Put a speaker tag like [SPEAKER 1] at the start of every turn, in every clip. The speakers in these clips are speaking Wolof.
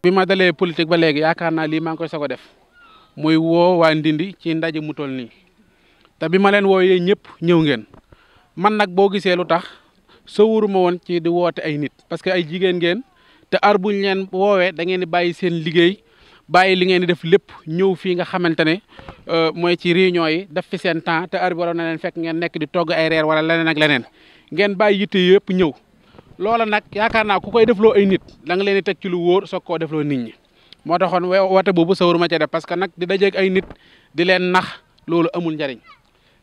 [SPEAKER 1] bi ma dalee politique ba léegi yaakaar naa lii ngi koy soog a def muy woo waa Ndindi ci ndaje mu toll nii te bi ma leen wooyee ñëpp ñëw ngeen man nag boo gisee lu tax sawuruma woon ci di woote ay nit parce que ay jigéen ngeen te ar buñ leen woowee da ngeen di bàyyi seen liggéey bàyyi li ngeen di def lépp ñëw fii nga xamante ne euh, mooy ci réunion yi def fi seen temps te ar waroon na leen fekk ngeen nekk di togg ay reer wala leneen ak leneen ngeen bàyyi yitte yëpp ñëw. loola nag yaakaar naa ku koy defloo ay nit da leen teg ci lu wóor soog koo defloo nit ñi moo taxoon woote boobu sawur ma ca def parce que nag di dajeeg ay nit di leen nax loolu amul njariñ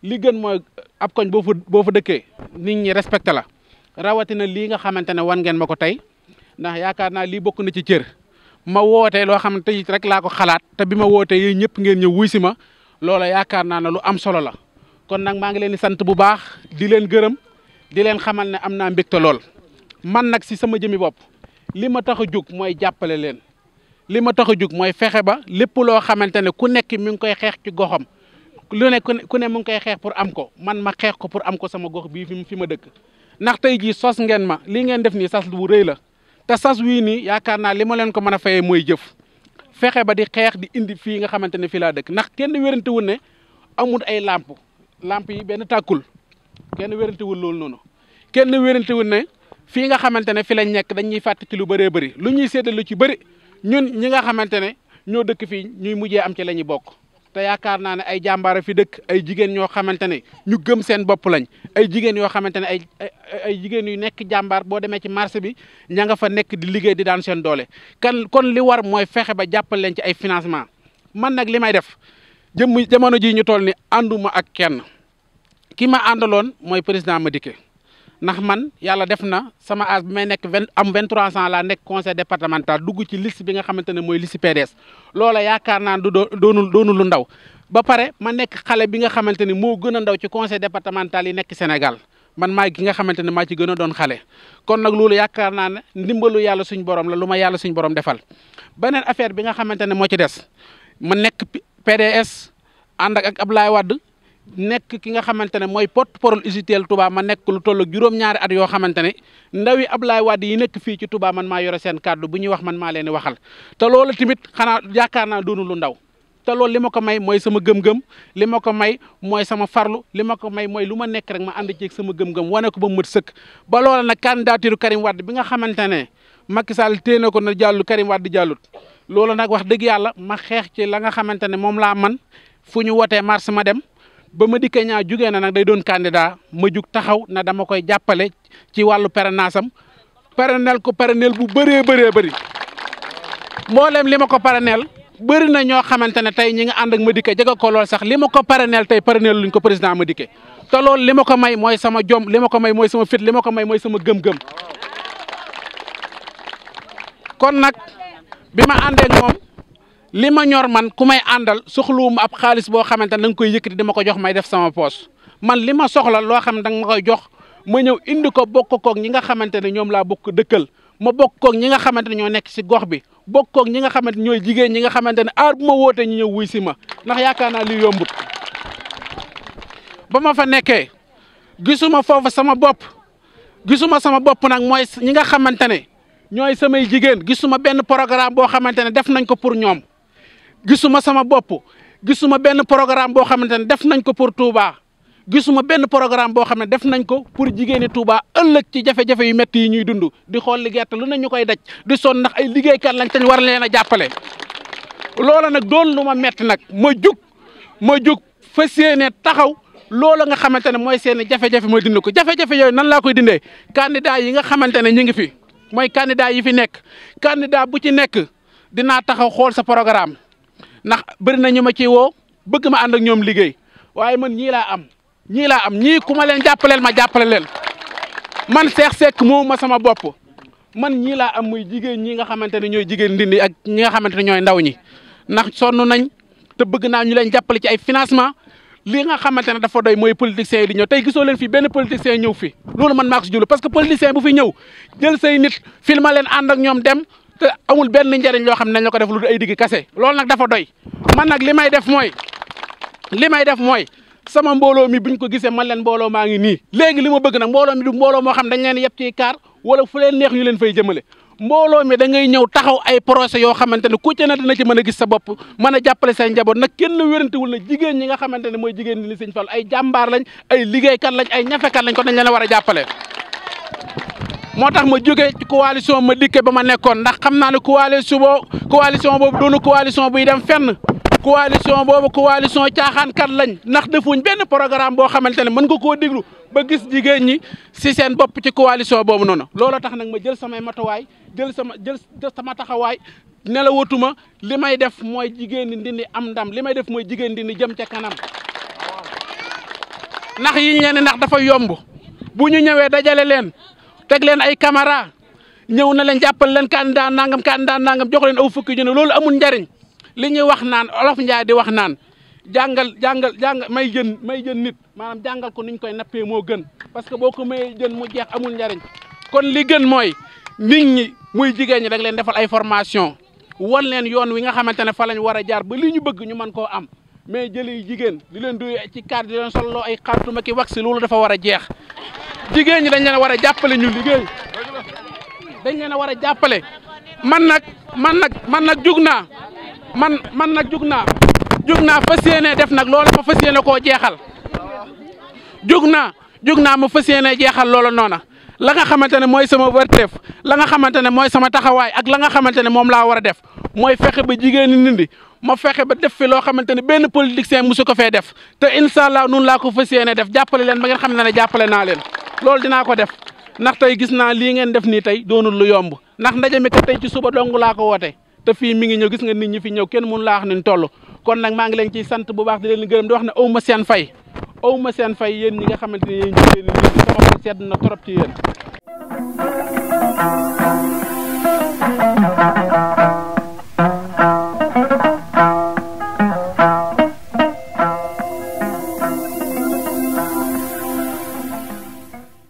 [SPEAKER 1] li gën mooy ab koñ boo fa dëkkee nit ñi respecté la rawatina lii nga xamante ne wan ngeen ma ko tey ndax yaakaar naa lii bokk na ci cër ma wootee loo xam ne tey rek laa ko xalaat te bi ma wootee yéen ñëpp ngeen ñëw wuy si ma loola yaakaar naa ne lu am solo la kon nag maa ngi leen di sant bu baax di leen gërëm di leen xamal ne am naa mbégte lool. man nag si sama jëmi bopp li ma tax a jóg mooy jàppale leen li ma tax a jóg mooy fexe ba lépp loo xamante ne ku nekk mu ngi koy xeex ci goxam lu ne ku ne mu ngi koy xeex pour am ko man ma xeex ko pour am ko sama gox bii fi fi ma dëkk ndax tey jii sos ngeen ma lii ngeen def nii sas bu rëy la te sas wii nii yaakaar naa li ma leen ko mën a fayee mooy jëf fexe ba di xeex di indi fii nga xamante ne fii laa dëkk ndax kenn wérante wul ne amul ay làmp làmp yi benn tàkkul kenn wérante loolu noonu kenn wérante wul ne fii nga xamante ne fi lañ nekk dañuy fàtte ci lu bëree bëri lu ñuy séddal lu ci bëri ñun ñi nga xamante ne ñoo dëkk fii ñuy mujjee am ci la ñuy bokk te yaakaar naa ne ay jàmbaara fi dëkk ay jigéen ñoo xamante ne ñu gëm seen bopp lañ ay jigéen yoo xamante ne ay ay jigéen yu nekk jàmbaar boo demee ci marché bi ña nga fa nekk di liggéey di daan seen doole kan kon li war mooy fexe ba jàppal leen ci ay financement man nag li may def jëm jamono ji ñu toll ni ànduma ak kenn ki ma àndaloon mooy président Madické ndax man yàlla def na sama âge bi may nekk vingt am vingt trois ans laa nekk conseil départemental dugg ci list bi nga xamante ne mooy liste PDS loola yaakaar naa du doonu doonu lu ndaw ba pare ma nekk xale bi nga xamante ne moo gën a ndaw ci conseil départemental yi nekk Sénégal man maa ki nga xamante ne maa ci gën a doon xale kon nag loolu yaakaar naa ne ndimbalu yàlla suñ borom la lu ma yàlla suñ borom defal beneen affaire bi nga xamante ne moo ci des ma nekk PDS ànd nekk ki nga xamante ne mooy porte parole UGTEL Touba ma nekk lu toll ak juróom-ñaari at yoo xamante ne ndawi Ablaye Wade yi nekk fii ci Touba man maa yore seen kàddu bu ñuy wax man maa leen waxal te loolu tamit xanaa yaakaar naa doonu lu ndaw te lool li ma ko may mooy sama gëm-gëm li ma ko may mooy sama farlu li ma ko may mooy lu ma nekk rek ma ànd ci sama gëm-gëm wane ko ba mët sëkk ba loola nag candidature Karim wadd bi nga xamante ne Macky Sall téye na ko na jàllu Karim Wade jàllut loolu nag wax dëgg yàlla ma xeex ci la nga xamante ne moom laa man fu ñu wootee mars ma dem ba ma dikkee ñaa jugee na nag day doon candidat ma jug taxaw na dama koy jàppale ci wàllu parrainage am parrainel ko parrainel bu bëree baree bari mboolem li ma ko parrainel bëri na ñoo xamante ne tey ñi nga ànd ak ma dikkee jege ko lool sax li ma ko parrainel tey parrainel luñ ko président ma dikkee te lool lima ko may mooy sama jom lima ko may mooy sama fit li ma ko may mooy sama gëm-gëm kon nag bi ma àndee moom li ma ñor man ku may àndal soxluwuma ab xaalis boo xamante ne da nga koy yëkkati dama ko jox may def sama poos man li ma soxla loo xam ne da ma ko jox ma ñëw indi ko bokk koog ñi nga xamante ne ñoom laa bokk dëkkal ma bokk koog ñi nga xamante ne ñoo nekk si gox bi bokk ñi nga xamante ne ñooy jigéen ñi nga xamante ne aar bu ma wootee ñu ñëw wuy si ma ndax yaakaar naa li ba ma fa nekkee gisuma foofu sama bopp gisuma sama bopp nag mooy ñi nga xamante ne ñooy samay jigéen gisuma benn programme boo xamante ne def nañ ko pour ñoom gisuma sama bopp gisuma benn programme boo xamante ne def nañ ko pour Touba gisuma benn programme boo xam ne def nañ ko pour jigéeni Touba ëllëg ci jafe-jafe yu métti yi ñuy dundu di xool li gerte lu ne ñu koy daj di sonn ndax ay liggéey liggéeykat lañ te ñu war leen a jàppale. loola nag doon lu ma métti nag ma jug ma jug fa yéene taxaw loola nga xamante ne mooy seen jafe-jafe mooy dind ko jafe-jafe yooyu nan laa koy dindee candidat yi nga xamante ne ñu ngi fi mooy candidat yi fi nekk candidat bu ci nekk dinaa taxaw xool sa programme. ndax bëri na ñu ma ci woo bëgg ma ànd ñoom liggéey waaye man ñii laa am ñii laa am ñii ku ma leen jàppaleel ma jàppale leen man Cheikh Seck moo ma sama bopp man ñii laa am muy jigéen ñi nga xamante ne ñooy jigéen ndindi ak ñi nga xamante ne ñooy ndaw ñi ndax sonn nañ te bëgg naa ñu leen jàppale ci ay financement li nga xamante ne dafa doy mooy politiciens yi di ñëw tey gisoo leen fi benn politicien ñëw fi loolu man maa ko si parce que politicien bu fi ñëw jël say nit filma leen ànd ak ñoom dem te amul benn njëriñ loo xam ne nañ ko def lu dul ay digg kase loolu nag dafa doy man nag li may def mooy li may def mooy sama mbooloo mi buñ ko gisee man leen mbooloo maa ngi nii léegi li ma bëgg nag mbooloo mi du mbooloo moo xam dañ leen yeb ci kaar wala fu leen neex ñu leen fay jëmale mbooloo mi da ngay ñëw taxaw ay projet yoo xamante ne ku ci ne dina ci mën a gis sa bopp mën a jàppale say njaboot nag kenn wérantewul na jigéen ñi nga xamante ne mooy jigéen ñi li Sëñ Fallu ay jàmbaar lañ ay liggéeykat lañ ay dañ leen a war a jàppale moo tax ma jóge ci coalition ma dikke ba ma nekkoon ndax xam naa ne coalition boo coalition boobu doonu coalition buy dem fenn coalition boobu coalition caaxaankat lañ ndax defuñ benn programme boo xamante ne mën nga koo déglu ba gis jigéen ñi si seen bopp ci coalition boobu noonu looloo tax nag ma jël samay matuwaay jël sama jël sama taxawaay nelawatuma li may def mooy jigéen ñi Ndindy am ndam li may def mooy jigéen Ndindy jëm ca kanam ndax yiñ leen ndax dafa yomb bu ñu ñëwee dajale leen teg leen ay caméra ñëw na leen jàppal leen candidat nangam candidat nangam jox leen aw fukki junne loolu amul njariñ li ñuy wax naan olof njaay di wax naan jàngal jàngal jàng may jën may jën nit maanaam jàngal ko nuñ koy nappee moo gën parce que boo ko mayee jën mu jeex amul njariñ kon li gën mooy nit muy jigéen ñi da leen defal ay formation wan leen yoon wi nga xamante ne fa lañ war a jaar ba li ñu bëgg ñu mën koo am mais jëlee jigéen di leen duy ci cadre di leen solo ay xartuma ki wax si loolu dafa war a jeex jigéen ñi dañ leen a war a jàppale ñu liggéey dañ leen a war a jàppale man nag man nag man nag jug naa man man nag jug naa jug naa fas yéene def nag loola ma fas yéene koo jeexal jug naa jug naa ma fas yéene jeexal loola noona la nga xamante ne mooy sama wërteef la nga xamante ne mooy sama taxawaay ak la nga xamante ne moom laa war a def mooy fexe ba jigéen ñi nindi ma fexe ba def fi loo xamante ne benn politicien musu ko fee def te incha allah nun laa ko fas yéene def jàppale leen ba xam ne ne jàppale naa leen loolu dinaa ko def ndax tey gis naa lii ngeen def nii tey doonul lu yomb ndax ndaje mi kat tey ci suba dong laa ko woote te fii mi ngi ñëw gis nga nit ñi fi ñëw kenn mun laa wax ni toll kon nag maa ngi leen ciy sant bu baax di leen gërëm di wax ne aw ma seen fay aw ma seen fay yéen ñi nga xamante ni yéen ñi sama xol sedd na trop ci yéen